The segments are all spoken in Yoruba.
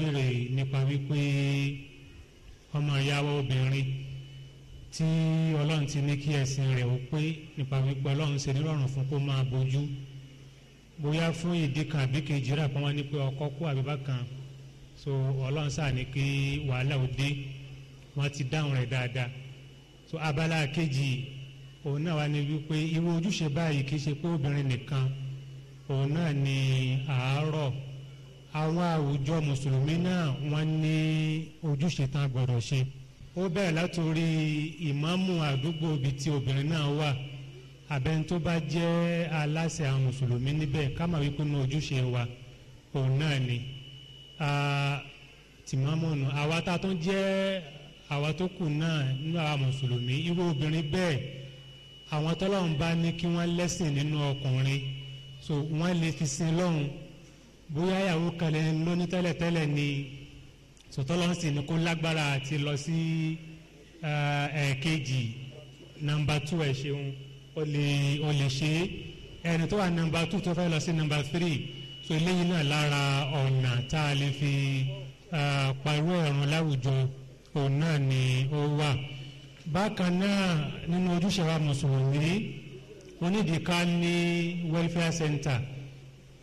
béèrè nípa wípé ọmọ ìyàwó obìnrin tí ọlọ́run ti ní kí ẹ̀sìn rẹ̀ ó pé nípa wípé ọlọ́run ṣe nírọ̀rùn fún kó máa bójú bóyá fún ìdí kan àbí kejì rà pọ́n wọn ní pé ọkọ kú àbíbá kan so ọlọ́run sáà ní kí wàhálà ó dé wọ́n ti dáhùn rẹ̀ dáadáa so abala kejì òun náà wà ní wípé irú ojúṣe báyìí kì í ṣe pé obìnrin nìkan òun náà ní àárọ̀ àwọn àwùjọ mùsùlùmí náà wọ́n ní ojúṣe tán gbọ́dọ̀ ṣe ó bẹ̀rẹ̀ látòrí ìmáàmù àdúgbò ibi tí obìnrin náà wà abẹ́ni tó bá jẹ́ aláṣẹ àwọn mùsùlùmí níbẹ̀ ká wípé ní ojúṣe wa òun náà ni tìmáàmù nù àwa tá a tún jẹ́ àwa tó kù náà nínú àwa mùsùlùmí irú obìnrin bẹ́ẹ̀ àwọn tọ́lọ́run bá ní kí wọ́n lẹ́sìn nínú ọkùnrin so wọ́n lè fi sin lọ́run bóyá ìyàwó kan lẹ ń lóní tẹ́lẹ̀tẹ́lẹ̀ ni sọtọ́lọ́sì ni kó lágbára àti lọ sí ẹ̀ẹ́kejì nàmbà tù ẹ̀ ṣeun ó lè ó lè ṣe é ẹni tó wà nàmbà tù tó fẹ́ lọ sí nàmbà tírì so eléyìí náà lára ọ̀nà tá a lè fi parọ́ ẹ̀rùn láwùjọ òun náà ni ó wà bákan náà nínú ojúṣe wa mùsùlùmí onídìí ní welfare center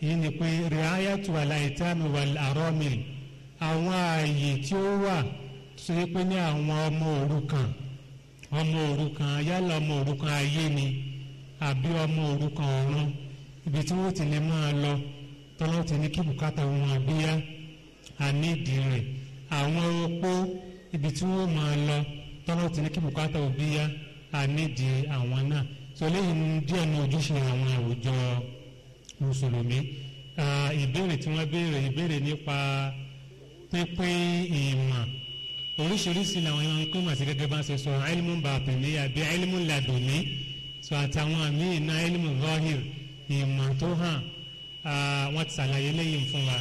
èyí ni pé rìáyàtú àlàyétàmì wà àrọ́mì àwọn ààyè tí ó wà tó yẹ pé ní àwọn ọmọ òrukàn ọmọ òrukàn yálà ọmọ òrukàn ayé ni àbí ọmọ òrukàn ọ̀run ibi tí wọ́n ti lè máa lọ tọ́lọ́ ti ní kí bùkátà wọn àbíyá rẹ̀ àwọn ibi tí wọ́n máa lọ tọ́lọ́ ti ní kí bùkátà òbíyá ànídìí àwọn náà sọ díẹ̀ ní ojúṣe mùsùlùmí ìbéèrè tí wọ́n béèrè ìbéèrè nípa pínpín ìmọ̀ oríṣiríṣi làwọn yẹn ń pín màsí gẹ́gẹ́ bá ṣe sọ ilmu bàtìní àbí ilmu ladùnní sọ àtàwọn míì náà ilmu zahir ìmọ̀ tó hàn wọ́n ti ṣàlàyé lẹ́yìn fún wa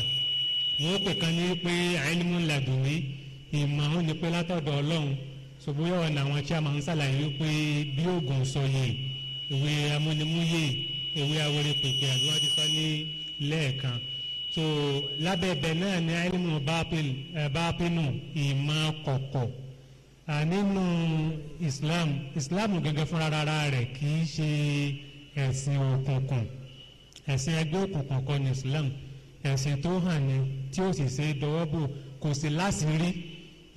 wọ́n pè kan ní pé ilmu ladùnní ìmọ̀ àwọn ní pé látọ̀dọ̀ ọlọ́run ṣùgbọ́n yọ̀ọ̀ làwọn tí a máa ń ṣàlàyé pé bí oògùn sọ yìí ìwé amúnimúyè ewé awere pèpè àbí wọ́n ti sọ ní lẹ́ẹ̀kan so lábẹ́bẹ̀ náà ni alimu bápínù ìmọ̀ kọ̀kọ̀ nínú Islam Islam gẹ́gẹ́ fúnra rárá rẹ̀ kì í ṣe ẹ̀sìn òkùnkùn ẹ̀sìn ẹgbẹ́ òkùnkùn kọ́ ni Islam ẹ̀sìn tó hàn ni tí ó sì ṣe dọwọ́bò kò sí láṣìírí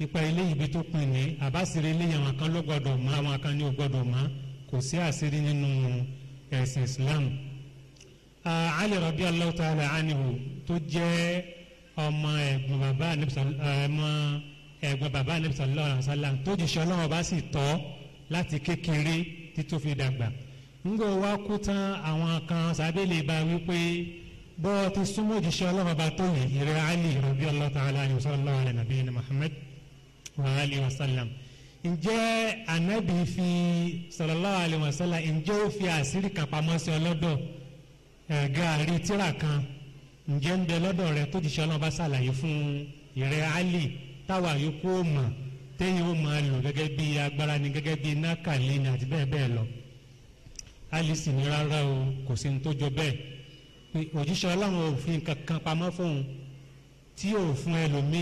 ipa ilé ibi tó pin ní àbáṣírí ilé àwọn kan ló gbọdọ̀ mọ́ àwọn kan ní ó gbọdọ̀ mọ́ kò sí àṣírí nínú wọn ẹ̀sìn Islam Ali radiyallahu ta'ala anhu tó jẹ́ ọmọ ẹ̀gbọ́n bàbá ẹ̀gbọ́n bàbá Ànábì sallallahu alaihi wasallam tó jìṣẹ́ ọlọ́run ọba sì tọ́ láti kékeré títí ó fi dàgbà ńgbọ́ wa kú tán àwọn kan sábẹ́lẹ̀ bá wípé bọ́ ọ ti súnmọ́ òjíṣẹ́ ọlọ́run ọba tó yẹ ìrẹ́ Ali radiyallahu ta'ala anhu sallallahu alaihi nabiyyina Muhammad wa alihi wa sallam. ǹjẹ́ anabi fi sallallahu alaihi wasallam ǹjẹ́ ó fi àṣírí kan pamọ́ sí ọlọ́dọ̀ gàárì tíra kan ǹjẹ́ ń bẹ lọ́dọ̀ rẹ tó ti ṣe bá ṣàlàyé fún ali táwa yòókù ó mọ̀ téyìn ó máa lò gẹ́gẹ́ bí agbára ni gẹ́gẹ́ bí nákàlẹ́ ni àti bẹ́ẹ̀ bẹ́ẹ̀ lọ ali sì ní rárá o kò sí ní tó jọ bẹ́ẹ̀ òjíṣẹ́ ọlọ́run ò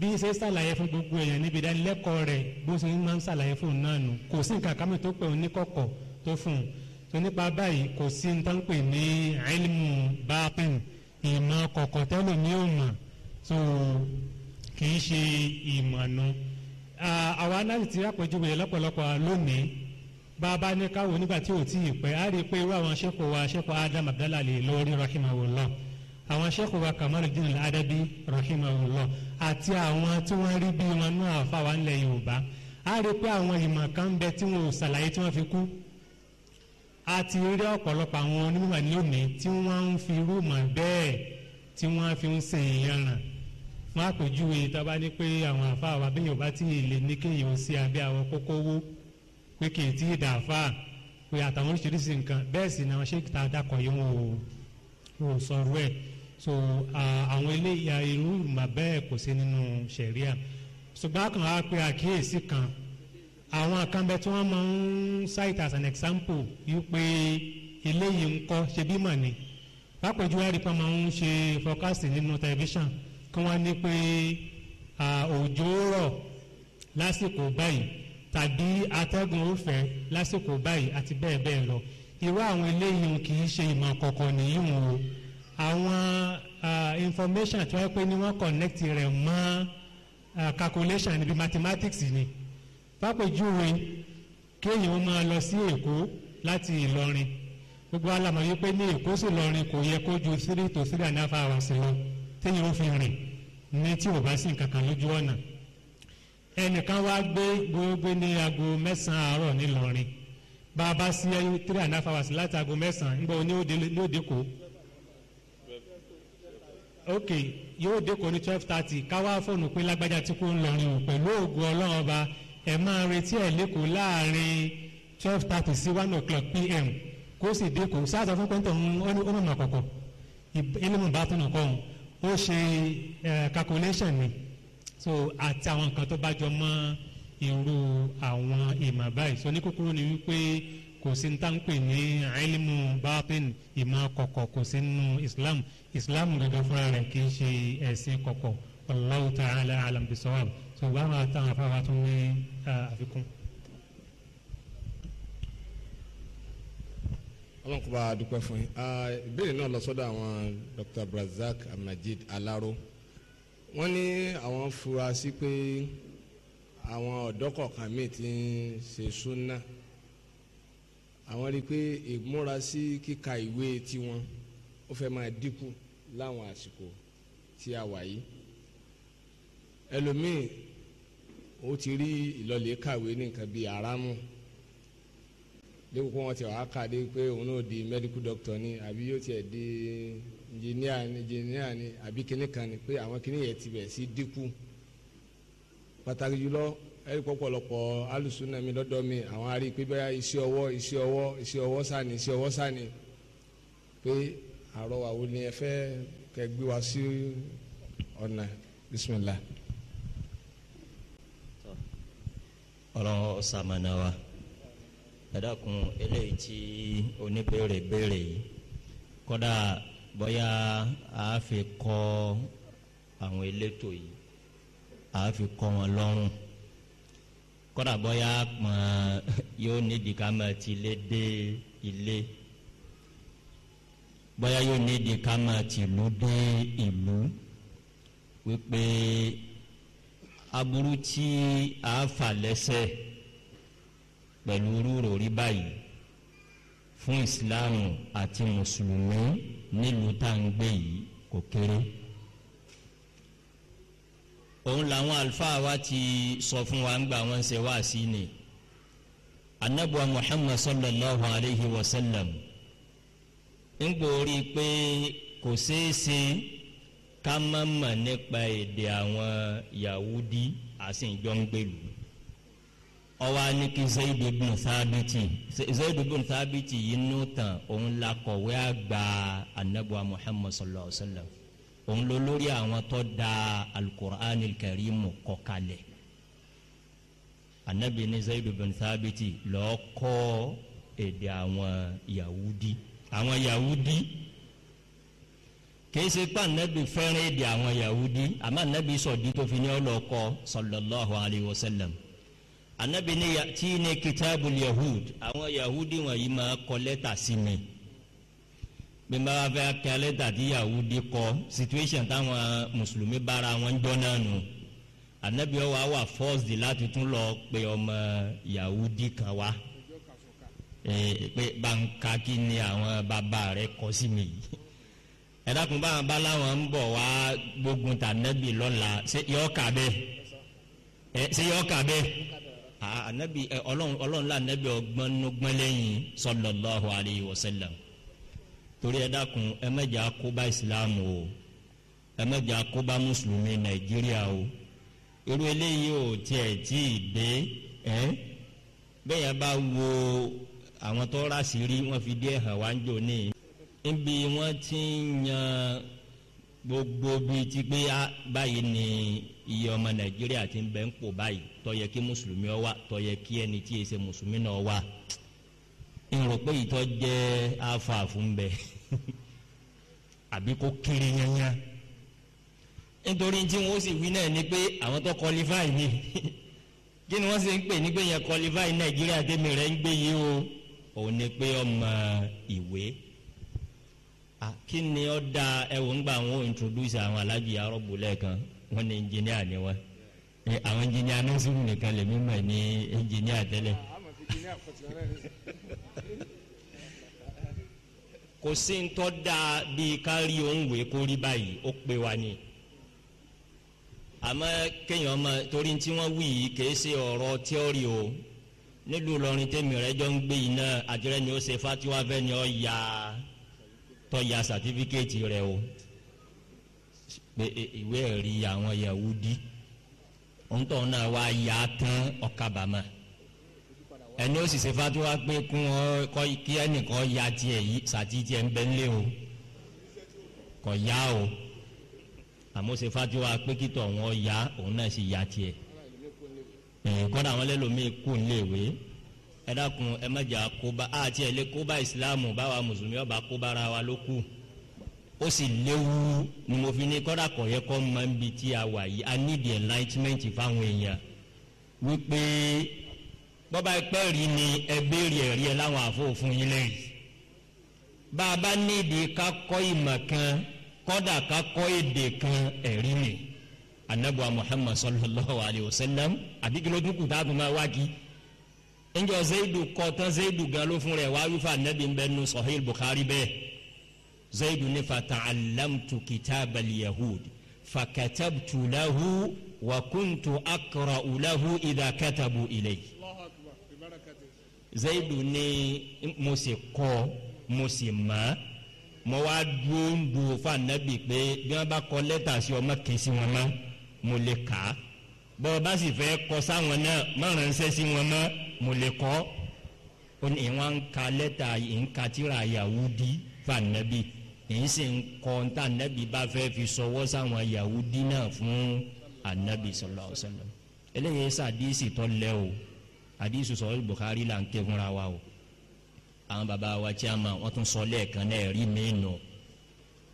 bí ṣe ṣàlàyé fún gbogbo èèyàn níbi ìdánilẹ́kọ̀ọ́ rẹ̀ bó ṣe máa ń ṣàlàyé fún un náà nù kò sí nǹkan kámi tó pè òun níkọ̀kọ̀ tó fún un tó nípa báyìí kò sí ní tó ń pè ní ilmu batin ìmọ̀ kọ̀kọ̀ tẹ́lẹ̀ ní òmà tó kì í ṣe ìmọ̀ nù. àwa aláàlì ti àpèjúwe lọ́pọ̀lọpọ̀ lónìí bá a bá ní káwọ nígbà tí ò tí pẹ́ á rí i pé irú àwọn aṣẹ́kọ̀ọ́ wa aṣẹ́kọ̀ọ́ Adam Abdallah lè lọ́wọ́ rí rahimahullah àwọn aṣẹ́kọ̀ọ́ wa Kamaludin Adabi rahimahullah àti àwọn tí wọ́n rí bí wọn náà àfàwà ńlẹ̀ yorùbá a rí pé àwọn ìmọ̀ kan ń bẹ tí wọn ò ṣàlàyé tí wọ́n fi kú a ti rí ọ̀pọ̀lọpọ̀ àwọn onímọ̀ lónìí tí wọ́n ń fi rúmọ̀ bẹ́ẹ̀ tí wọ́n fi ń sin ìyanràn wọ́n á pèjúwe tọ́ba ní pé àwọn àfàwà bí yorùbá tí èlé ní kéèyàn sí abẹ́ àwọn kókó wó pé kì í tí ì dà fà pé àtàwọn oríṣiríṣi nǹkan bẹ́ẹ̀ sì ni àwọn ṣèkìtà so àwọn eléyà irú ìmọ̀ bẹ́ẹ̀ kò sí nínú ṣẹ̀ríà ṣùgbọ́n àkàn á pe àkíyèsí kan àwọn àkànbẹ tí wọ́n máa ń cite as an example yìí pé eléyìí ń kọ́ ṣe bí mà ni lápẹjù àríkà máa ń ṣe forecast nínú tẹlifíṣàn kí wọ́n ní pé òjò rọ̀ lásìkò báyìí tàbí atẹ́gùn òfẹ́ lásìkò báyìí àti bẹ́ẹ̀ bẹ́ẹ̀ lọ irú àwọn eléyìí kì í ṣe ìmọ̀ kọ̀ọ̀kan nìyí wọn o àwọn information tí wọ́n pè ní wọ́n connect rẹ̀ mọ́ calculation níbi mathematics ni fàpèjúwe kéèyàn máa lọ sí Èkó láti Ìlọrin gbogbo alamọ yìí pé ní Èkó sí Ìlọrin kò yẹ kó ju three to three and a half hours lọ téèyàn ó fi rìn ní tí ò bá sí nǹkan kan lójú ọ̀nà ẹnìkan wá gbé gbogbo ní aago mẹ́sàn-án àárọ̀ ní bá a bá sí three and a half hours láti aago mẹ́sàn-án nígbà wo ni ó dé ok yóò dẹ́kọ̀ ní twelve thirty káwá fóònù pé lágbájá tí kò ń lọrin o pẹ̀lú òògùn ọlọ́run ọba ẹ̀ máa retí ẹ̀ lẹ́kọ̀ọ́ láàrin twelve thirty sí one o'clock pm kó sì dẹ́kọ̀ sáàtọ̀ fún pẹ́ntọ̀ ó ní ọmọ àkọ́kọ́ ilé bá tún nǹkan ọ̀hún ó ṣe calculation ni so àti àwọn nǹkan tó bá jọ mọ́ irú àwọn ìmọ̀ báyìí so ní kúkúrú ni wípé kò sí ní tá ń pè ní ilmu ìmọ̀ kọ̀kọ̀ kò sí nínú Islam. So, islam gangan fúnra rẹ̀ kì í ṣe ẹ̀sìn kọ̀kọ̀ wallahu ta'ala alam bisawab ṣùgbọ́n àwọn àtàwọn afáwa tún ní àfikún. ọlọ́run kò bá a dúpẹ́ fún yín ìbéèrè náà lọ sọ́dọ̀ àwọn Dr. Brazak Amajid Alaro wọ́n ní àwọn fura sí pé àwọn ọ̀dọ́ kọ̀ọ̀kan míì ti ń ṣe súnà àwọn rí i pé ìmúra sí kíka ìwé tiwọn ó fẹ́ máa dínkù láwọn àsìkò tí a wà yìí ẹlòmíì ó ti rí ìlọlẹ̀ kàwé ní nǹkan bíi aramu dípò kó wọn ti wàá kà pé òun náà di medical doctor ni àbí yóò tiẹ̀ di engineer ni engineer ni àbí kinní kan ni pé àwọn kinní yẹn ti bẹ̀ sí dínkù pàtàkì jùlọ ẹ̀rí pọ̀pọ̀lọpọ̀ alùsùnàmí lọ́dọ̀ mi àwọn arí pé bẹ́ẹ̀ iṣẹ́ ọwọ́ iṣẹ́ ọwọ́ iṣẹ́ ọwọ́ sani iṣẹ́ ọwọ́ sani pé àrọwà wo ni ẹ fẹ́ kẹ́ gbé wa sí ọ̀nà bisimilá. ọlọ́run ṣamọ̀nà wa ẹ dákun eléyìí tí oníbèrè béèrè yìí kódà bóyá a fi kọ́ àwọn elétò yìí a fi kọ́ wọn lọ́rùn kódà bóyá pọ̀n yóò nídìí ká máa ti lé dé ilé bóyá yóò nídìí ká máa tìlú dé ìlú wípé aburú tí a fà lẹ́sẹ̀ pẹ̀lú rúrò rí báyìí fún ìsìláàmù àti mùsùlùmí nílùú tá à ń gbé yìí kò kéré òun làwọn àlùfáà wa ti sọ fún wa ń gbà wọn ṣe wá sí ni anabuwa muhammad sallallahu alayhi wa sallam ńgbò rí i pé kò ṣeé ṣe ká má mọ̀ nípa èdè àwọn Yahudi àsìnjọ́ ń gbèlú ọwọ́ á ní kí Zaid ibn yìí nù tán òun la kọ̀wé àgbà anabuwa Muhammad sallallahu alaihi wa sallam òun ló lórí àwọn tó da alukur'an karimu kọ kalẹ̀ anabi ní Zaid ibn Thabiti lọ́ọ́ kọ́ èdè àwọn Yahudi àwọn yahudi kìí ṣe pa nẹ́bi fẹ́ràn èdè àwọn yahudi àmọ́ nẹ́bi sọ̀dí tó fi ní ọlọ́kọ sallallahu alayhi wa sallam anabi ni tí ni kitabu yahud àwọn yahudi wọ̀nyí máa kọ lẹ́tà sí mi bí n bá wá fẹ́ kẹ́ lẹ́tà tí yahudi kọ situation táwọn mùsùlùmí bára wọn jọ náà nù anabi wa wà fọ́ọ̀sì láti tún lọ pe ọmọ yahudi kan wá. pé báńkà kí ni àwọn bàbá rẹ kọ sí mi yìí ẹ dákun báwọn bá láwọn ń bọ̀ wá gbógun tànẹ́bì lọ́la ṣé yọ ọ́kà bẹ́ẹ̀ eh, ṣé yọ ọ́kà bẹ́ẹ̀ anabi ọlọ́run ọlọ́run la alayhi torí islam o ẹ kóbá mùsùlùmí o irú eléyìí ò tiẹ̀ tí ì dé ẹ eh? bẹ́ẹ̀ yẹn bá wo. àwọn tó rà sí rí wọ́n fi díẹ̀ hàn wá ń jò ní. níbi wọ́n ti ń yan gbogbo bíi ti pé báyìí ni iye ọmọ nàìjíríà ti ń bẹ ń pò báyìí tó yẹ kí mùsùlùmí ó wà tó kí ẹni tí èsè mùsùlùmí náà wà. n rò pé ìtọ́ jẹ́ àfààfù ń bẹ àbí kó kéré yányán nítorí tí wọn sì wí náà ni pé àwọn tó qualify ni kí ni wọ́n sì ń pè ní pé yẹn qualify nàìjíríà tẹ́mi rẹ̀ ń gbé yìí o òun ni pé ọmọ ìwé kí ni ó da ẹwọ ńgbà wọn ò introduce àwọn alájì arọ́bù wọn ni engineer ni wọn àwọn engineer nọ́ọ̀sìmù nìkan lèmi le ní engineer tẹ́lẹ̀ kò sí ń tọ́ da bíi ká rí òun wèé kó rí báyìí ó pè wa ni àmọ́ kéèyàn mọ̀ torí tí wọ́n wí yìí kèé ṣe ọ̀rọ̀ o nílùú lọrin tẹ́mi rẹ jọ ń gbé yìí náà àtìrẹ́ ni ó ṣe fatiwa fẹ́ ni ọ ya tọ́ ya sàtífíkẹ́ẹ̀tì rẹ o pé e, ìwé ẹ̀rí àwọn Yahudi òǹtọ̀ náà wá ya tán ọ̀kàbàmà ẹni ó sì ṣe fatiwa pé kún ọ kí ẹnìkan ya tiẹ̀ yìí sàtí tiẹ̀ ń bẹ́ ńlẹ̀ o kọ̀ ya o àmọ́ ṣe fatiwa pé kítọ̀ wọn ya òun náà sì ya tiẹ̀. Mm, kọ́dà àwọn ẹlẹ́lòmíì kù léèwé ẹ dákun ẹ mẹ́jà kóbá àti ẹ̀lẹ́ kóbá ìsìláàmù báwa mùsùlùmí ọba kóbára wa ló kù ó sì léwu ni mo fi ní kọ́dà kọ̀yẹ́ kọ́ máa ń bi tí a wà yìí a need enlightenment fáwọn èèyàn wípé bọ́ba ẹ̀pẹ́ rí ni ẹ béèrè ẹ̀rí ẹ láwọn àfọ̀fún yín lẹ́yìn bá a bá nídìí ká kọ́ ìmọ̀ kan kọ́dà ká kọ́ èdè kan ẹ̀rí nìyí anabuwa muhammad sallallahu alayhi wa sallam àbí kí ló dúkù tá a tún máa wá kí njọ zayidu kọtán zayidu gan ló fún rẹ wá wífà anabi ń bẹ nu sahih bukhari bẹ́ẹ̀ zayidu ní fata alamtu kitabal yahud fakatabtu lahu wa kuntu akra'u lahu idha katabu ilayhi zayidu ní mo sì kọ́ mo sì máa mo wá dúró anabi pé bí wọn bá kọ lẹ́tà sí ọmọ kìí sí wọn máa mo lè kà á bọ́ ọ bá sì fẹ́ kọ sáwọn náà má ránṣẹ́ sí wọn mọ́ mo lè kọ́ ó ní ìwọ̀n ń ka lẹ́tà ń ka tíra Yahudi fànẹ́bí èyí sì ń kọ́ níta nẹ́bí bá fẹ́ fi sọwọ́ sáwọn Yahudi náà fún anabi sọlọ ọsẹlẹ eléyìí sá àdìsí tọ́ lẹ́ o àdìsí sọ̀rọ̀ Bukhari là ń ké fúnra wa o àwọn baba wa tí a ma wọ́n tún sọ lẹ́ẹ̀kan náà rí mi nù. No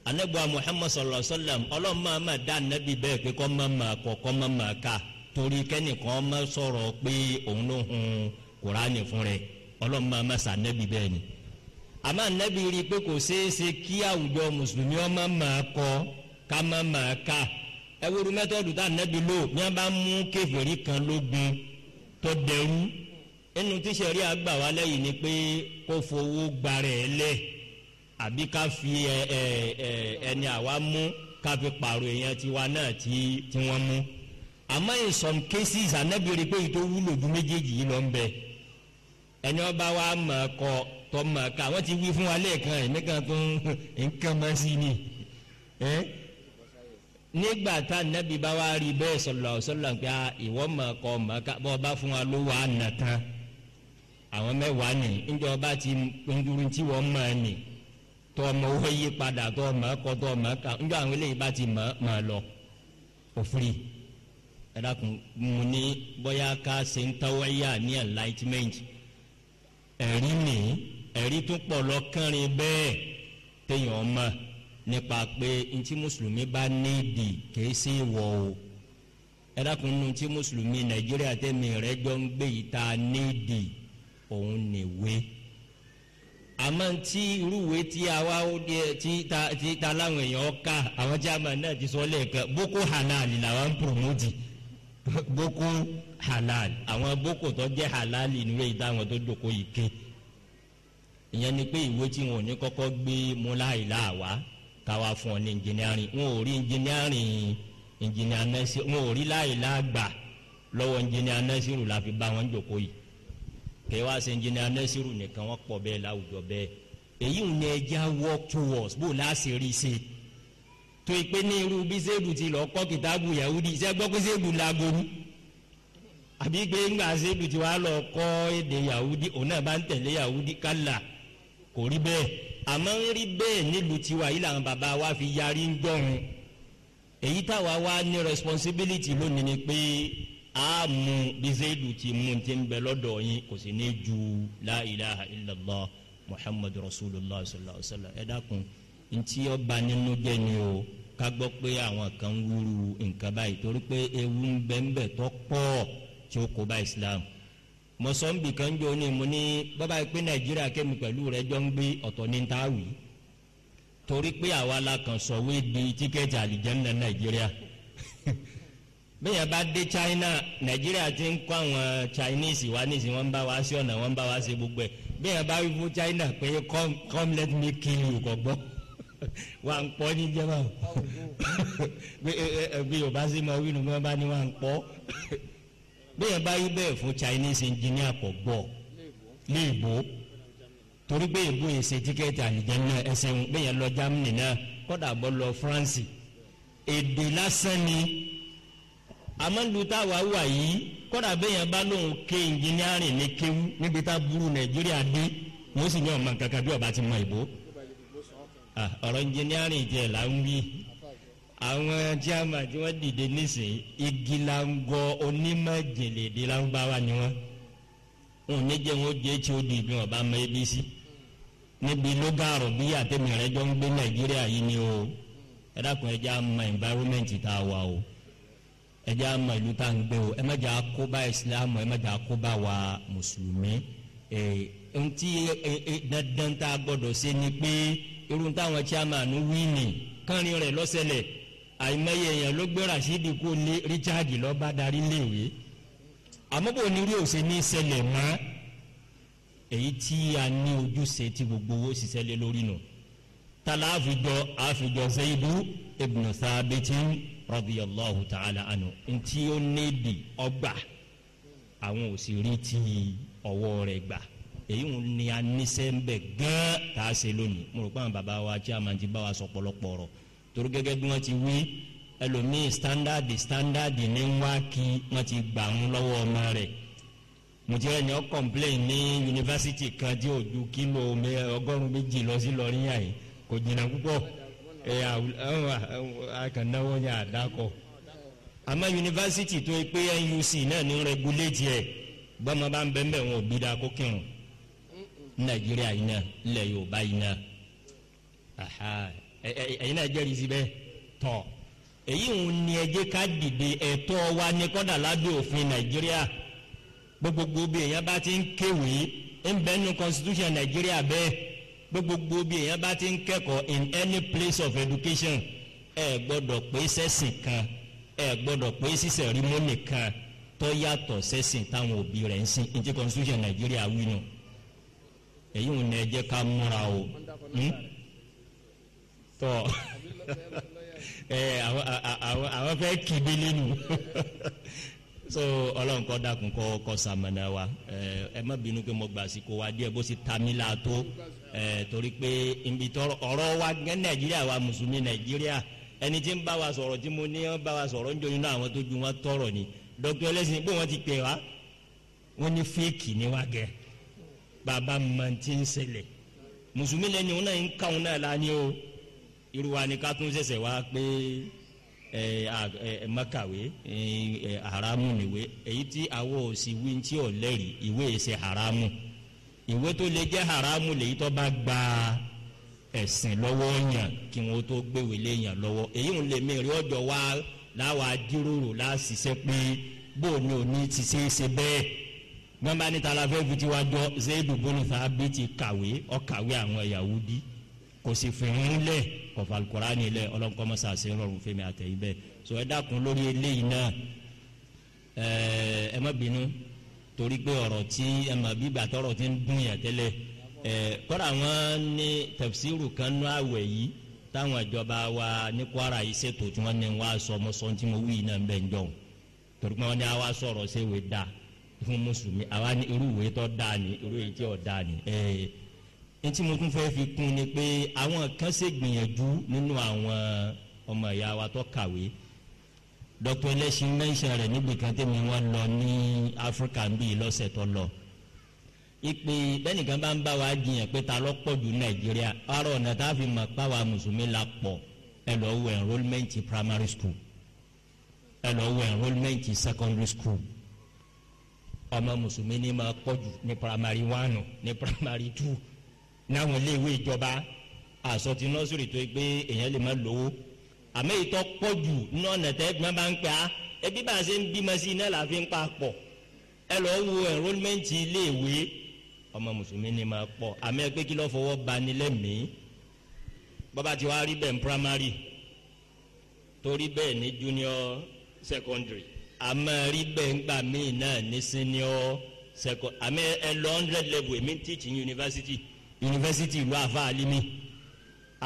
anabuwa muhammad sallallahu alaihi wa sallam ọlọ́run máa ma dá anabi bẹ́ẹ̀ pé kọ́ máa ma kọ́ kọ́ máa ma ka torí kẹ́nìkan máa sọ̀rọ̀ pé òun ló hun kuraani fún rẹ̀ ọlọ́run máa ma sa anabi bẹ́ẹ̀ ni àmọ́ anabi rí i pé kò ṣeé ṣe kí àwùjọ mùsùlùmí ọmọ máa kọ́ ká máa ma ka ẹwúrú mẹ́tọ́dù tá anabi lò ní a bá mú kèfèrí kan lógun tó dẹrú inú tíṣẹ̀rí àgbà wa lẹ́yìn ni pé kó fowó gbarẹ̀ lẹ́ẹ̀ àbí ká fi ẹni àwa mú ká fi pààrọ̀ èèyàn tiwa náà tí wọ́n mú àmọ́ in some cases anabi rí pé ètò wúlò ju méjèèjì yìí lọ ń bẹ ẹni ọba wa mọ̀ kọ tọ́ mọ̀ ká wọ́n ti wí fún wa lẹ́ẹ̀kan ẹ̀mí kan tó ń kàn mọ́ sí ni nígbà tá nẹ́bí bá wá rí bẹ́ẹ̀ sọ̀lọ̀ sọ̀lọ̀ pé ah, ìwọ mọ̀ kọ́ mọ̀ ká bọ́ bá fún wa ló wà nà àwọn mẹ́wàá nì ńjọba ti pẹ́ndúrú tí wọ́n mọ̀ nì tó ọmọ owó yí padà tó ọmọ ẹkọ tó ọmọ ẹka ńjọ àwọn eléyìí ti mọ lọ òfurì ẹ dákun ní bóyá ká ṣe ń tawọ́ ní bẹẹ. ẹ̀rí nì ẹ̀rí tún pọ̀ lọ́kànrin bá nídìí kìí sí o nu mùsùlùmí nàìjíríà tẹ̀mí jọ ń gbé yìí àmọ́ tí irúwèé tí àwa tí ta ti ta láwọn èèyàn ká àwọn German náà ti sọ lẹ́ẹ̀kan boko halal làwọn ń promote boko halal àwọn boko tó jẹ́ halal ìnúwé ìdáwọn tó dòkó yìí ìyẹn ni pé ìwé tí wọn ò ní kọ́kọ́ gbé múláìlá wa káwa fún ọ ní engineering wọn ò rí engineering engineer nurse wọn ò rí láìlá lọ́wọ́ engineer nurse rù la fi bá wọn jòkó yìí kí wá engineer nẹ́sìrù nìkan wọ́n pọ̀ bẹ́ẹ̀ láwùjọ bẹ́ẹ̀ èyí ń ní ẹja work towards bó láṣẹ rí ṣe tó ìpè ní irú bí sẹ́ẹ̀bù ti lọ kọ́ kìtàbù yahudi ṣe gbọ́ pé sẹ́ẹ̀bù lago ni àbí gbé ńgbà sẹ́ẹ̀bù ti wá lọ kọ́ èdè yahudi òun náà bá ń tẹ̀lé yahudi kálà kò rí bẹ́ẹ̀ àmọ́ ń rí bẹ́ẹ̀ nílùú tiwa yìí làwọn bàbá wa fi yarí ń gbọ́run èyí táwa wá ní responsibility lónìí ni pé a mu bí zayidu ti mu ti ń bẹ ju la ilaha illallah muhammadu rasulillah sallallahu alaihi wa sallam ẹ dákun ntí ọba nínú jẹ ni o ká gbọ́ pé àwọn kan ń wúru nǹkan báyìí torí pé ewu ń bẹ ń tí ó kó bá islam mọ̀sánbì kan jọ ní mo ní bàbá yìí pé nàìjíríà kémi pẹ̀lú rẹ jọ ń gbé ọ̀tọ̀ ní ta wì torí pé àwa la kàn sọ wé di tíkẹ́ẹ̀tì àlìjẹ́ ńlẹ̀ nàìjíríà bẹ́ẹ̀ bá dé China Nàìjíríà ti ń kó àwọn Chinese wá nísìnyí wọ́n ń bá wa ṣe ọ̀nà wọ́n ń bá wa ṣe gbogbo ẹ̀ bẹ́ẹ̀ bá wí fún China pé come come let me kill you kò gbọ́ wà ń pọ́ ní jẹ́wọ́ bí Yorùbá sì máa wí nu bí wọ́n bá ní wà ń pọ́ bẹ́ẹ̀ bá wí bẹ́ẹ̀ fún Chinese engineer kò gbọ́ léèbó torí pé èbó yìí ṣe tíkẹ́ẹ̀tì àlìjẹ́ náà ẹ̀sìn bẹ́ẹ̀ lọ Germany náà kọ́dà bọ́ lọ France èdè lásán ni àmọ́lu táwa wà yìí kọ́dà bẹ́yẹn bá lóun ké engineering ní kéwú níbi tá burú nàìjíríà dé wọ́n sì ní ọmọ kankan bí ọba ti mọ ìbò ọ̀rọ̀ engineering jẹ́ là ń wí àwọn jáàmà tí wọ́n dìde nísìnyí igi la ń gọ onímọ̀ jèlèdè lárúbáwá ni wọ́n wọn ò ní jẹ́ wọn ó jẹ́ tí ó di ìbí wọn bá mọ ebi sí níbi lógàrò bí àtẹ̀mí rẹ̀ jọ ń gbé nàìjíríà yìí ni o ẹ dákun ẹ já mọ environment tá a wà o ẹ jẹ́ àmọ́ ìlú tá à ń gbé o ẹ má jẹ́ àkóbá ìsìlámù ẹ má jẹ́ àkóbá wa mùsùlùmí ohun tí dandan tá a gbọ́dọ̀ ṣe ni pé irun táwọn chairman wí nì kánrin rẹ̀ àìmọye èèyàn ló gbé rasidi kó lé Richard lọ́ba darí léèwé àmọ́ bò ní rí òsè ní ṣẹlẹ̀ mọ́ èyí tí a ní ojúṣe tí gbogbo owó ṣiṣẹ́ lé lórí nù tala àfijọ́ àfijọ́ Zaidu ibn Thabitin. radiyallahu ta'ala anhu ntí ó níbi ọgbà àwọn òsì rí ti ọwọ́ rẹ gbà èyí ń ní aníṣẹ́ gán tá a ṣe lónìí mo rò pé àwọn bàbá wa tí a ti bá wa sọ pọlọpọ ọ̀rọ̀ torí gẹ́gẹ́ bí wọ́n ti wí ẹlòmíì standard standard ní wá kí wọ́n ti gbà ń lọ́wọ́ ọmọ rẹ̀ mo ti rẹ̀ ní ọ́ complain ní yunifásitì kan àkànnáwó yà àdákọ̀ àmọ́ yunifásitì tó pé NUC náà ní rẹguléjì ẹ̀ bọ́mọ bá ń bẹ́ẹ̀ wọn ò bí kó kírun Nàìjíríà yìí náà ilẹ̀ Yorùbá yìí náà ẹ̀yin náà jẹ́rìí síbẹ̀ tọ̀ èyí ń ní ẹjẹ́ ká dìde ẹ̀tọ́ wa ní kọ́dà òfin Nàìjíríà gbogbogbò gbogbogbò bí èèyàn bá ti ń kẹ́kọ̀ọ́ in any place of education ẹ gbọ́dọ̀ pé sẹ́sìn kan ẹ gbọ́dọ̀ pé sísẹ̀ rímọ́nì kan tó yàtọ̀ sẹ́sìn táwọn òbí rẹ̀ ń sìn ní constitution Nàìjíríà wí nù èyí ò ní ẹ jẹ́ ká múra o hmm? tọ́ ẹ àwọn fẹ́ kí délé nù. so ọlọ́run kọ́ dákun kọ́ kọ́ sàmọ̀nà wa ẹ má bínú pé mo gbà sí kó wa díẹ̀ bó sì ta mí la tó torí pé ibi tọrọ ọ̀rọ̀ wa gẹ́ nàìjíríà wa mùsùlùmí nàìjíríà ẹni tí ń bá wa sọ̀rọ̀ tí mo ní ń bá wa sọ̀rọ̀ ń jọyún náà àwọn tó ju wọn tọrọ ni dọ́kítọ́ ẹlẹ́sìn pé wọ́n ti pè wá wọ́n ní fíìkì ni wá gẹ́ bàbá mọ̀ ti ń ṣẹlẹ̀ mùsùlùmí lẹ́ni òun náà ń mọ́kàwé haramu niwe. èyí tí àwọn òsì wí tí ò lẹ́rìí ìwé ṣe haramu ìwé tó lè jẹ́ haramu lèyí tó bá gba ẹ̀sìn lọ́wọ́ yàn kí wọ́n tó gbéwèé lé yàn lọ́wọ́ èyí ń lè mẹ́rin ọjọ́ wa láwa jíròrò láṣìṣẹ́ pé bó ni ò ní ti ṣe é ṣe bẹ́ẹ̀ gbọ́n bá la fẹ́ fi tiwájọ́ Zaid ibn Thabit kàwé ó kàwé àwọn Yahudi kò sì fìrín lẹ̀ kọ̀fà alukurani lẹ̀ ọlọ́nkọ́ mọ́sá sí rọrùn fẹ́mi àtẹ̀yí bẹ́ẹ̀ so ẹ dákun lórí eléyìí náà ẹ má bínú torí pé ọ̀rọ̀ tí ẹ mà bí gbàtọ́rọ̀ ti ń dùn yàn tẹ́lẹ̀ ẹ kọ́ra wọn ní tafsiru kan nú àwẹ̀ yìí táwọn ìjọba wa ní Kwara yìí ṣètò tí wọ́n ní wá sọ ọmọ sọ tí mo wí náà bẹ́ẹ̀ ń dọ̀hùn torí pé wọ́n ní àwa sọ̀rọ̀ ṣèwé ntí mo tún fẹ́ fi kún ni pé àwọn kan ṣe gbìyànjú nínú àwọn ọmọ ìyá wa tó kàwé dr ẹlẹ́sìn mẹ́ńṣẹ́ rẹ̀ níbi kan tẹ́mi wọn lọ ní áfíríkà bíi lọ́sẹ̀ tó lọ ìpè bẹ́nìkan bá ń bá wa jiyàn pé ta ló pọ̀ nàìjíríà ọ̀rọ̀ ọ̀nà tá a fi mọ̀ pa mùsùlùmí la pọ̀ ẹ lọ wo enrolment primary school ẹ lọ wo enrolment secondary school ọmọ mùsùlùmí ni máa pọ̀ jù ní primary one ní primary two náwọn iléèwé ìjọba àsọtí nọ́sùrì tó gbé èèyàn lè má lówó àmọ́ ìtọ́ pọ̀jù nọ́ọ̀nà tẹ́gbọ́n bá ń pẹ́ á ẹbí bá a ṣe ń bímọ sí iná là fi ń pa pọ̀ ẹ lọ́ọ́ wo enrollment iléèwé ọmọ mùsùlùmí ni máa pọ̀ àmọ́ ẹ pé kí lọ́ọ́ fọwọ́ ba ni lẹ́mìí bọ́ba ti wá rí bẹ́ẹ̀ ní primary torí bẹ́ẹ̀ ní junior secondary àmọ́ rí bẹ́ẹ̀ ń gbà míì náà ní senior secondary àmọ́ ẹ lọ hundred level èmi ń teach in university yunifásitì ìlú afa alimi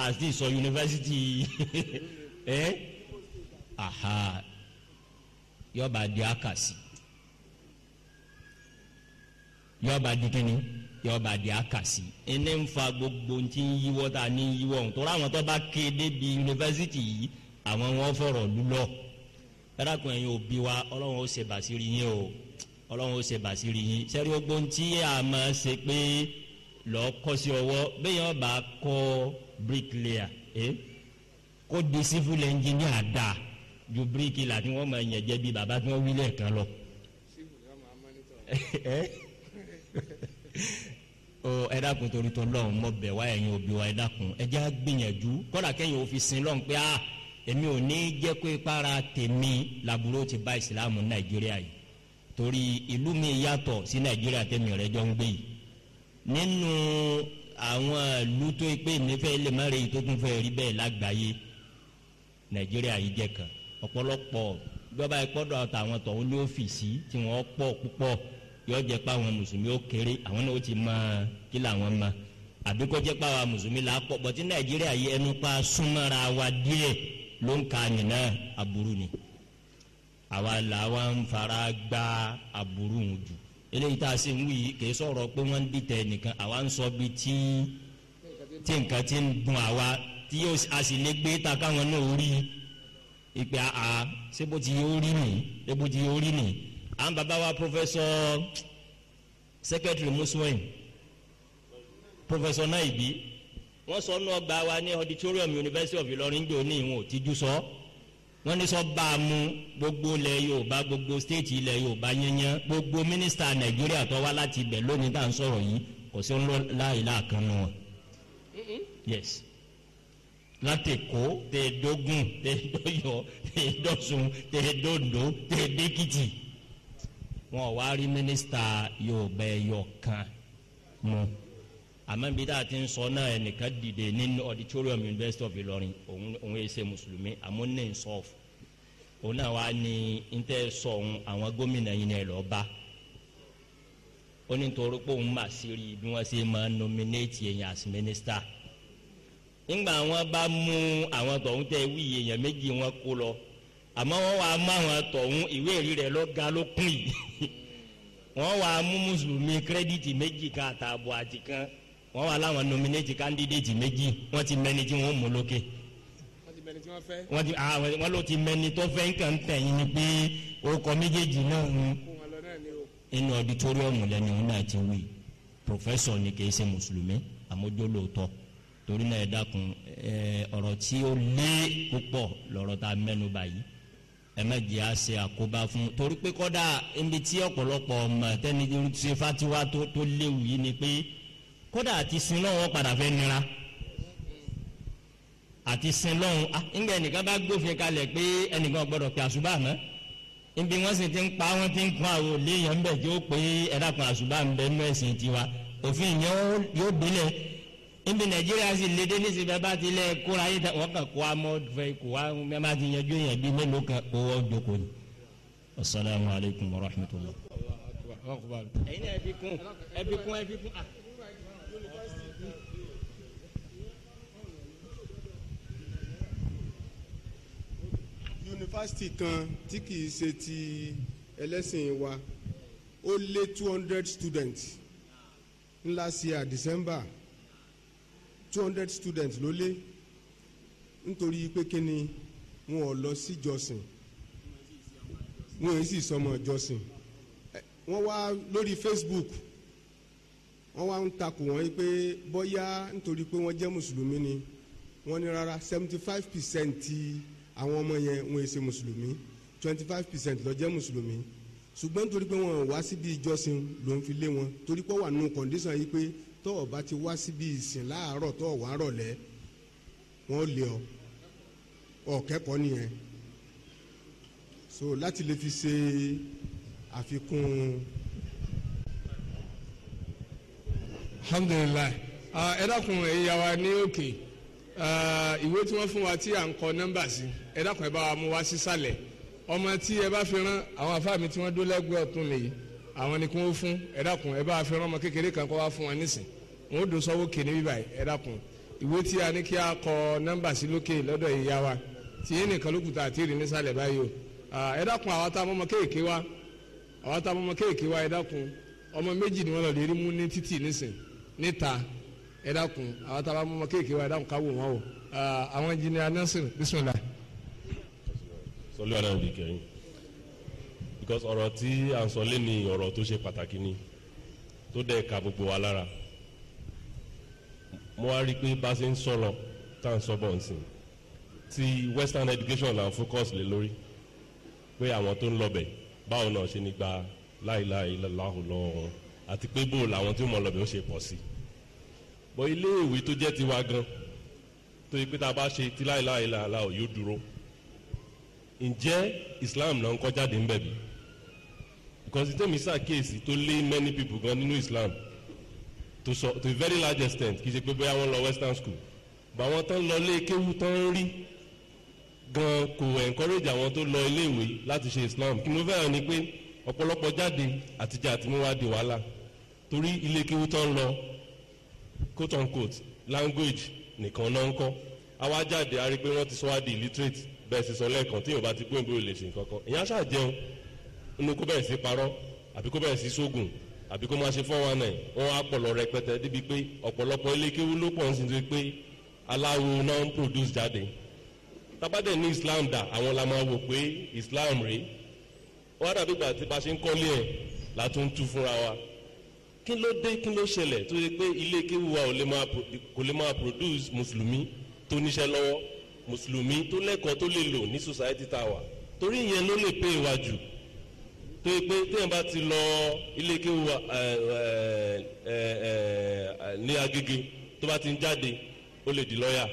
àti sọ yunifásitì ẹ aha yọba di akasi yọba di kini yọba di akasi ẹni ń fa gbogbo ti ń yíwọ́ ta ni ń yíwọ́ ń tọ́ra àwọn tó bá kéde bí yunifásitì yìí àwọn wọn fọ̀rọ̀ lulọ̀ dárakun ẹ̀yin òbí wa ọlọ́run ó ṣe bàṣírí yín o ọlọ́run ó ṣe bàṣírí yín sẹ́rí ogbó ń tí ṣe pé lọ kọ́ sí ọwọ́ bẹ́ẹ̀ yẹn bá kọ́ bricklayer ẹ́ kó di civil engineer da ju bíríkì la tí wọ́n máa yẹn jẹ́ bí baba tí wọ́n wí lẹ́ẹ̀kan lọ. o ẹ dákun torí tó lọ́hùn mọ́ bẹ̀ wá ẹ̀yin òbí wa ẹ dákun ẹ já gbìyànjú kọ́dà kẹ́yìn òfin sin lọ́hùn pé a èmi ò ní jẹ́ pé para tèmi làbúrò ti bá ìsìlámù nàìjíríà yìí torí ìlú mi yàtọ̀ sí nàìjíríà tèmi rẹ̀ jọ ń gbé yìí nínú àwọn ìlú tó yẹ pé nífẹ̀ẹ́ lè má rèé tó tún fẹ́ rí bẹ́ẹ̀ lágbàáyé nàìjíríà yìí jẹ́ kan ọ̀pọ̀lọpọ̀ ìjọba ìpọ́dọ̀ àtàwọn tọ̀hún ní ọ́fíìsì tí wọ́n pọ̀ púpọ̀ yóò jẹ́ pé àwọn mùsùlùmí ó kéré àwọn náà ó ti mọ kí làwọn mọ àbí kó jẹ́ pé àwọn mùsùlùmí là á pọ̀ bọ́tí nàìjíríà yìí ẹnu pa súnmọ́ra wa díẹ̀ ló ń ka náà ni àwa làwa ń fara eléyìí tá a sì ń wí kìí sọ̀rọ̀ pé wọ́n ń dìtẹ̀ nìkan àwa ń sọ tí tí nǹkan ti ń dun àwa tí a sì lè gbé ta káwọn náà rí ìpè ti yóò rí nì sebo ti yóò rí nì à wa pọfẹsọ sẹkẹtìrì mùsùlùmí pọfẹsọ náà ìbí wọ́n sọ wa ní auditorium University of Ìlọrin jòní ìwọ̀n òtíjú sọ. wọ́n ní sọ bá a mú gbogbo ilẹ̀ yorùbá gbogbo stéètì ilẹ̀ yorùbá yẹnyẹn gbogbo mínísítà nàìjíríà tó wá láti ibẹ̀ lónìí tá à ń sọ̀rọ̀ yìí kò sí ńlọ láìlá kan nù wọn. yes láti kó tẹ dógùn tẹ dọ̀yọ́ tẹ dọ̀ṣun tẹ dòndó tẹ dèkìtì wọn ò wá rí mínísítà yorùbá ẹyọ kan mú. No àmọ́ bí tá a ti ń sọ náà ẹnìkan dìde nínú auditorium University of Ìlọrin òun òun yẹ ṣe mùsùlùmí àmọ́ ní nsọ́ọ̀f òun náà wà ní ntẹ́ sọ òun àwọn gómìnà yìí náà lọ́ọ́ bá ó ní torí pé òun mà sí rí bí wọ́n ṣe máa nominate èèyàn as minister ńgbà wọn bá mú àwọn tọ̀hún tẹ wí èèyàn méjì wọn kó lọ àmọ́ wọ́n wàá mú àwọn tọ̀hún ìwé èrí rẹ̀ lọ́ga lókùn yìí wọ́n wàá mú mùsùlùmí kírẹ́dìtì méjì kan àtààbọ̀ àti kan wọ́n wà láwọn nominate candidate méjì wọ́n ti mẹ́ni tí wọ́n mú lókè wọ́n ti ah, wọ́n ló ti mẹ́ni tó fẹ́ nǹkan tẹ̀yìn ni pé orúkọ méjèèjì náà ń inú auditorium lẹ́nu náà ti wí professor ni kì í ṣe mùsùlùmí àmójó lóòótọ́ torí náà ẹ dákun ẹ ọ̀rọ̀ tí ó lé púpọ̀ lọ́rọ̀ tá a mẹ́nu báyìí ẹ má jẹ́ à àkóbá fún torí pé kọ́dà ibi tí ọ̀pọ̀lọpọ̀ ọmọ tẹ́ni ṣe fatiwa tó léwu yìí ni pé kódà àti sin lọ́wọ́ padà fẹ́ nira àti sin lọ́wọ́ ah ńgbẹ́ ẹnìkan bá gbófin kalẹ̀ pé ẹnìkan gbọ́dọ̀ pé àṣùbà mọ́ ibi wọ́n sì ti ń pa wọ́n ti ń kún àwọn òléyàn ńbẹ̀ tí ó pé ẹ̀dàkùn àṣùbà ń bẹ nínú ẹ̀sìn tiwa òfin yẹn yóò délẹ̀ ibi nàìjíríà sì lédè níṣẹ́ bẹ́ẹ̀ bá ti lẹ̀ kóra yìí tẹ̀ wọ́n kàn kó amọ́ fẹ́ kó wa bẹ́ẹ̀ bá ti yanjú yẹn bíi mélòó kan kó wọ́n jókòó ẹ̀yin náà kún ẹ kún ẹ kún ah. yunifásitì kan tí kì í ṣe ti ẹlẹ́sìn wa ó lé two hundred students ńlá sí à December two hundred students ló lé nítorí pé kíni wọn ò lọ sí jọsìn wọn èyí sì sọmọ jọsìn wọ́n wá lórí Facebook wọ́n wá ń takò wọ́n pé bọ́yá nítorí pé wọ́n jẹ́ mùsùlùmí ni wọ́n ní rárá seventy five percent ti àwọn ọmọ yẹn wọn ṣe mùsùlùmí twenty five percent ló jẹ́ mùsùlùmí ṣùgbọ́n torí pé wọn wá síbi ìjọsìn ló ń fi lé wọn torí pé wà nù kọ̀ǹdíṣàn yìí pé tọ́ ọ bá ti wá síbi ìsìn láàárọ̀ tọ́ ọ wá rọ̀lẹ́ wọn lé ọ ọ̀kẹ́kọ̀ọ́ nìyẹn so láti lè fi ṣe àfikún. alhamdulilayi ah, ẹ dákun ẹ̀yin yà wá ní òkè. Okay Eh, ìwé tí wọ́n fún wa tí à ń kọ nọ́mbà sí ẹ dákun ẹ bá wa mú wa sísàlẹ̀ ọmọ tí ẹ bá fi rán àwọn afá mi tí wọ́n dó lẹ́gbẹ̀ẹ́ ọ̀tún mi yìí àwọn ni kí wọ́n fún ẹ dákun ẹ bá wa fi rán ọmọ kékeré kan kọ́ wa fún wa nísìn wọn ó dò sọ́wọ́ kéne bíbá yìí ẹ dákun ìwé tí a ní kí a kọ nọ́mbà sí lókè lọ́dọ̀ ìyá wa tí yín nìkan ló kùtà àti ìrìn nísàlẹ̀ báyìí o ah, ẹ dákun àwa ẹ dákun àwọn tá a bá mú ọmọ kéèké wa ẹ dákun ká wò wọn o àwọn jìnnìyà Nasir bisimilá. sọlá náà di kẹrin because ọ̀rọ̀ tí à ń sọ lé ní ọ̀rọ̀ tó ṣe pàtàkì ni tó dẹ̀ ka gbogbo wa lára mo wá rí i pé bá a ṣe ń sọ̀rọ̀ tá à ń sọ bọ̀ nsìn ti western education là focus lé lórí pé àwọn tó ń lọbẹ̀ báwo náà ṣe ní gba láìláì láhùn lọ́wọ́ àti pé bó làwọn tí mọ̀ lọbẹ̀ ó ṣe pọ̀ sí i bọ́ iléèwé tó jẹ́ tiwa gan tó yẹ pé tá a bá ṣe ti láìláì làálà ò yóò dúró ǹjẹ́ Islam náà ń kọ́ jáde ń bẹ̀ bí because tèmi ṣàkíyèsí tó lé many people gan nínú Islam to so to a very large extent kì í ṣe pé bóyá wọ́n lọ western school bá wọn tán lọ ilé kéwú tán ń rí gan kò encourage àwọn tó lọ iléèwé láti ṣe Islam kí ló fẹ́ràn ni pé ọ̀pọ̀lọpọ̀ jáde àtijọ́ àti mú wá di wàhálà torí ilé kéwú tán lọ quote unquote language nìkan náà ń kọ́ àwa jáde a rí pé wọ́n ti sọ wá di illiterate bẹ́ẹ̀ sì sọ lẹ́ẹ̀kan tí yorùbá ti gbóyìn bóyìn lè ṣe nǹkan kan èèyàn ṣáà jẹun inú kó bẹ̀rẹ̀ sí parọ́ àbí kó bẹ̀rẹ̀ sí sógun àbí kó máa ṣe four one nine wọn á pọ̀ rẹpẹtẹ débi pé ọ̀pọ̀lọpọ̀ ilékéwú ló pọ̀ ń pé aláwo náà ń produce jáde tabadẹ ní islam dà àwọn la máa wò pé islam rèé wọ́n á dàbí gbà tí bá ṣe ń kọ́lé ẹ̀ látún tú fúnra wa kí ló dé kí ló ṣẹlẹ̀ tó yẹ pé ilé kéwú wa kò lè máa produce mùsùlùmí tó níṣẹ́ lọ́wọ́ mùsùlùmí tó lẹ́kọ̀ọ́ tó lè lò ní society tá a wà torí ìyẹn ló lè pé ìwájú tó yẹ pé téèyàn bá ti lọ ilé kéwú wa ní Agége tó bá ti ń jáde ó lè di lọ́yà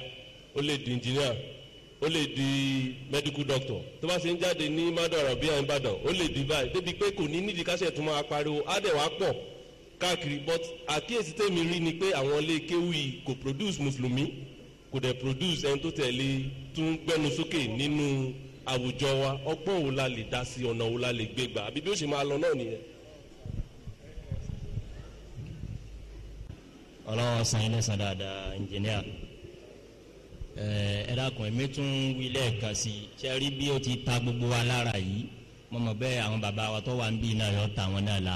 ó lè di engineer ó lè di medical doctor tó bá ṣe ń jáde ní mádọ̀rọ̀ bíi àyínbàdàn ó lè di báyìí débi pé kò ní nídìí káṣẹ̀ tó máa pariwo á dẹ̀ wá pọ̀ káàkiri but àkíyèsí tèmi rí ni pé àwọn ilé kéwì kò produce mùsùlùmí kò dẹ̀ produce ẹni tó tẹ̀lé tún gbẹnu sókè nínú àwùjọ wa ọgbọ́n wo la lè dá sí ọ̀nà wo la lè gbé gbà àbí bí ó ṣe máa lọ náà nìyẹn. ọlọ́wọ́ san ilé dáadáa ẹnjìníà ẹ dákun ẹ̀mí tún wí lẹ́ẹ̀kan sí i ṣe rí bí ó ti ta gbogbo wa lára yìí mọ̀mọ́ bẹ́ẹ̀ àwọn bàbá wa tó wà ń bí náà yọ ta wọn náà la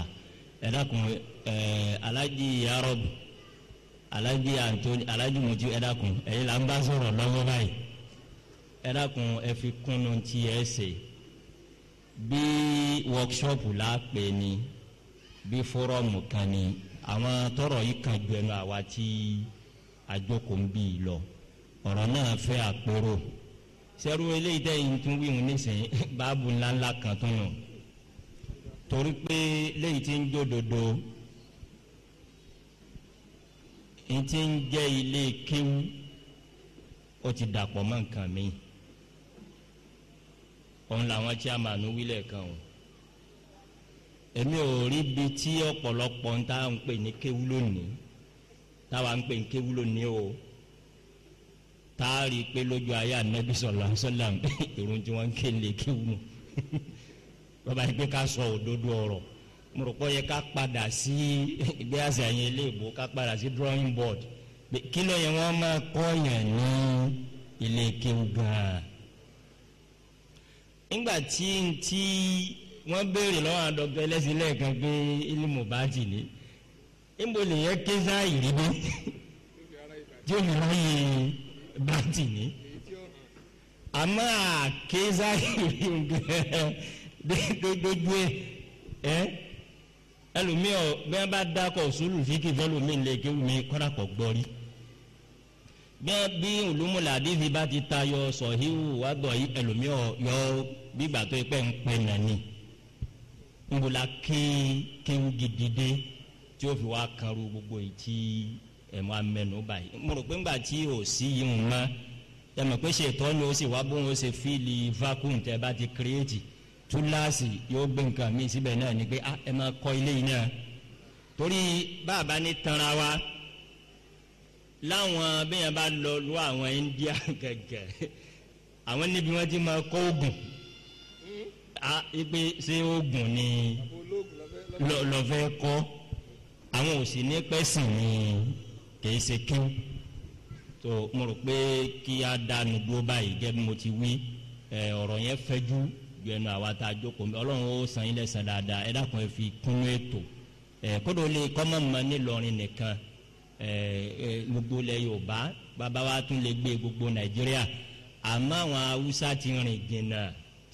ẹ dákun ẹ eh, alaji yarob alaji antoni alaji mutu ẹ dákun la ń bá sọ̀rọ̀ lọ́wọ́ báyìí ẹ dákun ẹ fi kúnnu tí ẹ workshop la pè ní bí fọ́rọ̀mù kan ní àwọn tọrọ yìí kan ju ẹnu àwa tí àjọkò ń bì lọ ọ̀rọ̀ náà fẹ́ àpérò sẹ́rú eléyìí tẹ́yìn tún wíhun nísìnyí báàbù ńláńlá kan tún nù torí pé léyìí tí ń jó dodo ntí ń jẹ́ ilé kéwú ó ti dàpọ̀ mọ́ nǹkan mi òun làwọn tí a máa nu wílẹ̀ kan o èmi ò rí bi tí ọ̀pọ̀lọpọ̀ ń tá à ń pè ní kéwú lónìí táwa ń pè ní kéwú lónìí o tá a rí i pé lójú ayé anabi sọlá sọlá irun tí wọ́n ń ké lè kéwú nù bàbá yìí pé ká sọ òdodo ọ̀rọ̀ mo rò pé yẹ ká padà sí ìgbé àṣà yẹn iléèbó ká padà sí drawing board kí ló yẹ wọ́n máa kọ́ yẹn ní ilé kéwù gan-an. nígbà tí tí wọ́n béèrè lọ́wọ́ àdọ́gbẹ́ lẹ́sìn lẹ́ẹ̀kan pé ilé mohbadi ni níbo lè yẹ ké sáàyè rí bí tí ó fi ráyè bàtì ni àmọ́ àké sáàyè rí gan-an dójú ẹ̀ ẹlòmíì ọ bí wọn bá dákọ òṣùlù fíkì fẹlòmíì lè kí wùmí kọ́dà kọ́ gbọ́rí bẹ́ẹ̀ bí olùmúlà àdìsí bá ti tayọ sọ̀híwù wàgbọ̀ yìí ẹlòmíì ọ yọ bígbà tó pẹ́ ń pè nàní nbola kéwù gidi dé tí ó fi wá kanru gbogbo yìí tí ẹ̀ amẹ́nu báyìí mo rò pé ńgbà tí ò sí yìí mọ́ ẹ pé ṣètọ́ ni ó sì wá bóun ó ṣe fíìlì vacuum tẹ́ bá ti kírètì túláàsì yóò gbé nǹkan mi síbẹ̀ náà ni pé a ah, ẹ máa kọ́ ilé yìí náà torí bàbá ní tanra wa láwọn bẹ́yẹn bá lọ lu àwọn India gẹ̀gẹ̀ àwọn níbi wọn ti máa kọ́ oògùn a ah, ipe ṣé oògùn ni lọ́fẹ́ kọ́ àwọn ò sì ní pẹ́sìn ni kì í ṣe kí tó mo rò pé kí a dánu dúró báyìí gẹ́gẹ́ bí mo ti wí ọ̀rọ̀ yẹn fẹ́jú ju ẹnu àwa tá a mi ọlọ́run ó san yín lẹ́sàn dáadáa ẹ dákun ẹ fi kún ètò ẹ kódò lè kọ́mọ̀ mọ́ nílọrin nìkan ẹ gbogbo ilẹ̀ yorùbá bàbá wa tún lè gbé gbogbo nàìjíríà àmọ́ àwọn haúsá ti rìn jìnnà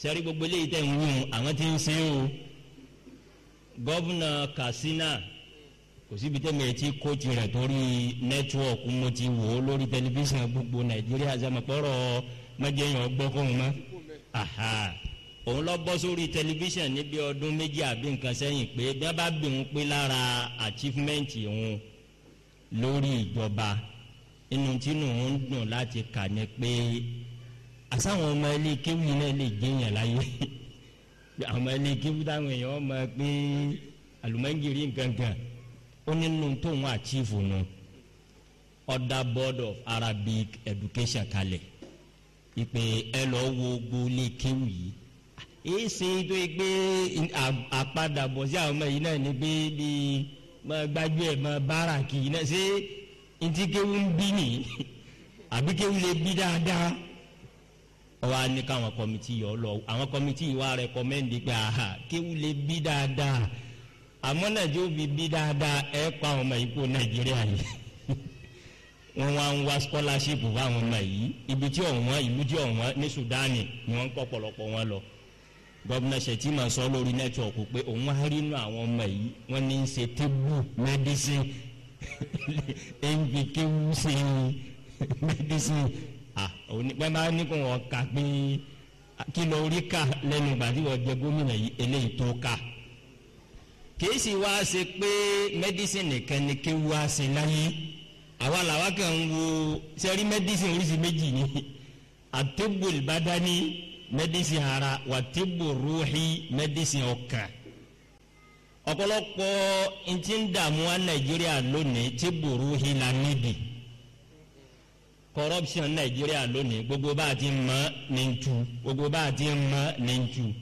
sẹ́rí gbogbo eléyìí tẹ̀ ń wù àwọn ti ń gọ́vùnà kò síbi ẹ̀ kóòtù rẹ̀ torí mo ti gbogbo nàìjíríà sẹ́mi aha òun lọ bọ́ sórí tẹlifíṣàn níbi ọdún méjì àbí nǹkan sẹ́yìn pé bí wọ́n bá bì wọ́n pé lára achievement òun lórí ìjọba inú tínú òun dùn láti kà ní pé àsáwọn ọmọ ilé kéwì náà lè jẹyàn láyé àwọn ilé kéwì táwọn èèyàn ọmọ pé àlùmọ́ngìrì nǹkankan ó nínú tóun àchífù nù order board of Arabic education kalẹ̀ ìpè ẹ lọ́ọ́ wo gbólé kéwì yìí èyí ṣe tó yẹ pé àpadàbọ̀ sí àwọn ọmọ yìí náà ni pé bí máa gbájú ẹ̀ máa bára kì í náà ṣé ntí kéwú ń bí nì àbí kéwú lè bí dáadáa ọwọ́ á ní káwọn kọ́mítì yọ lọ àwọn kọ́mítì yìí wá rẹkọmẹ́ndì pé àhà kéwú lè bí dáadáa àmọ́ nàìjíríà ó fi bí dáadáa ẹ̀ pa àwọn ọmọ yìí kó nàìjíríà yìí wọ́n wá ń wá scholarship fáwọn ọmọ yìí ibi tí ọ̀wọ́n ìlú tí ọ̀wọ́n ní Sudani ni wọ́n ń kọ́ pọ̀lọpọ̀ wọn lọ gọ́vùnà Shettima sọ lórí nẹ́tíwọ̀kù pé òun á rí inú àwọn ọmọ yìí wọ́n ní í ṣe tébù mẹ́dísìn nbk ṣe mẹ́dísìn wọ́n bá ní kó wọ́n kà pé kí lọ rí kà lẹ́nu ìgbà tí wọ́n jẹ gómìnà yìí eléyìí tó kà kìí sì wá ṣe pé mẹ́dísìn nìkan ni kéwu á ṣe láyé àwa làwa kàn ń wo sẹ́rí mẹ́dísìn oríṣi méjì ni àtẹ́bùl bá dání medicine ara wà tibbu ruhi medicine ọkàn ọ̀pọ̀lọpọ̀ ntí ń dààmú wa nàìjíríà lónìí tibbu ruhi la níbi corruption nàìjíríà lónìí gbogbo bá a ti mọ̀ ní n gbogbo bá a ti mọ̀ ní n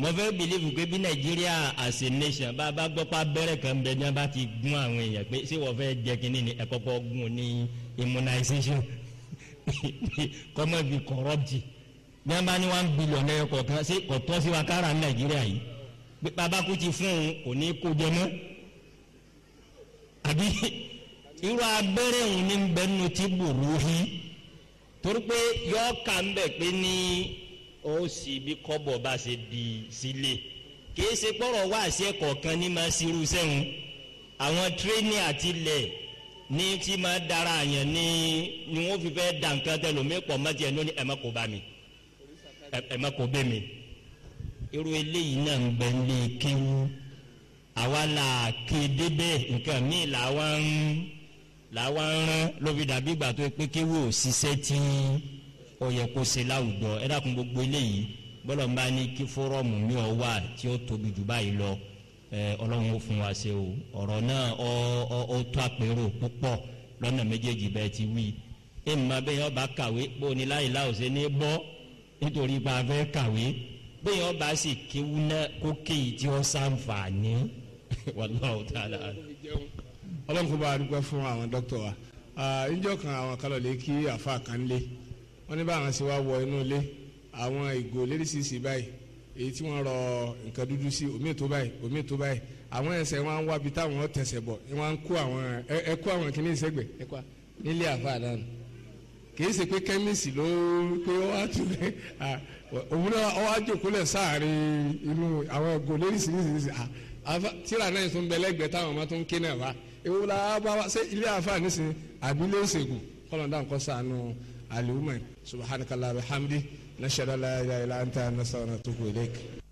mo fẹ́ believe pé bí nàìjíríà as a nation bá a bá gbọ́ pa abẹ́rẹ́ kan bẹ́ẹ̀ ní a bá ti gún àwọn èèyàn pé ṣé wọ́n fẹ́ jẹ́ kínní ni ẹ̀ kọ́kọ́ gún ní immunization kọ́mọ́ fi corrupt bí wọ́n bá ní one billion ẹyọ kọ̀ọ̀kan ṣé kò sí wa kára ní nàìjíríà yìí pé bàbá kú ti fún un kò ní kó jẹ mọ́ àbí irú abẹ́rẹ́ òun ní bẹ́nu ti bùrù hí torí pé yọ ká ń bẹ̀ pé ní ó sì bí kọ́bọ̀ bá ṣe di sílé kìí ṣe pọ́rọ̀ wá àṣẹ kọ̀ọ̀kan ní máa ṣirú sẹ́hun àwọn tírénì àti ilẹ̀ ní tí máa dára àyàn ní ni wọ́n fi fẹ́ dà nǹkan tẹlòmípọ̀ mọ́tì ẹ̀ lónìí ẹ̀ má kó bá mi ẹ má kó bẹ́ẹ̀ mi irú eléyìí náà ń bẹ nílé kéwú àwa là kéde bẹ́ẹ̀ nǹkan míì làwa ń làwa ń rán lóbi dàbí ìgbà tó pé kéwú ò ṣiṣẹ́ tí ó yẹ kó ṣe láwùjọ ẹ dákun gbogbo eléyìí bọ́lọ̀ ń bá ní kí fọ́rọ́ọ̀mù mi ọ̀ wà tí ó tóbi jù báyìí lọ ọlọ́run ó fún wa ṣe o ọ̀rọ̀ náà ọ ọ tó àpérò púpọ̀ lọ́nà méjèèjì bẹ́ẹ̀ ti wí ẹ̀ ń ma bẹ́ẹ̀ ọba kàwé bó ní láyìí láòṣe ní bọ́ nítorí bá a fẹ́ kàwé bẹ́ẹ̀ yọ bá sì kéwu náà kó kéyìí tí wọ́n sàǹfààní wallahu ta'ala. ọlọ́run kò bá a dúpẹ́ fún àwọn dókítà wa níjọ́ kan àwọn kan lọ́lẹ̀ kí àfa kan lé wọ́n ní báwọn sì wá wọ inú ilé àwọn ìgò lérísìsì báyìí èyí tí wọ́n rọ nǹkan dúdú sí omi ètò báyìí omi ètò báyìí àwọn ẹsẹ̀ wọn wá bi táwọn tẹ̀sẹ̀ bọ̀ ẹ kó àwọn ẹ kó àwọn kìnnìún sẹ́gbẹ̀ẹ́ nílé àfa náà kì í ṣe pé kẹ́míìsì ló pé ó wá tilẹ̀ òun náà ó wá jòkólẹ̀ sáàrin inú àwọn ọgọ lóríṣiríṣiríṣi tíra náà tún bẹ lẹ́gbẹ̀ẹ́ táwọn ọmọ tó ń ké náà wá ewu la bá wa ṣe ilé àfààní sí àbílẹ̀ ìṣègùn kọ́lọ̀ dáhùn kọ́ sànù àlùmọ̀ subhanakala alhamdi nashadala ilaha illa anta nasarana tukú ilẹ̀kì.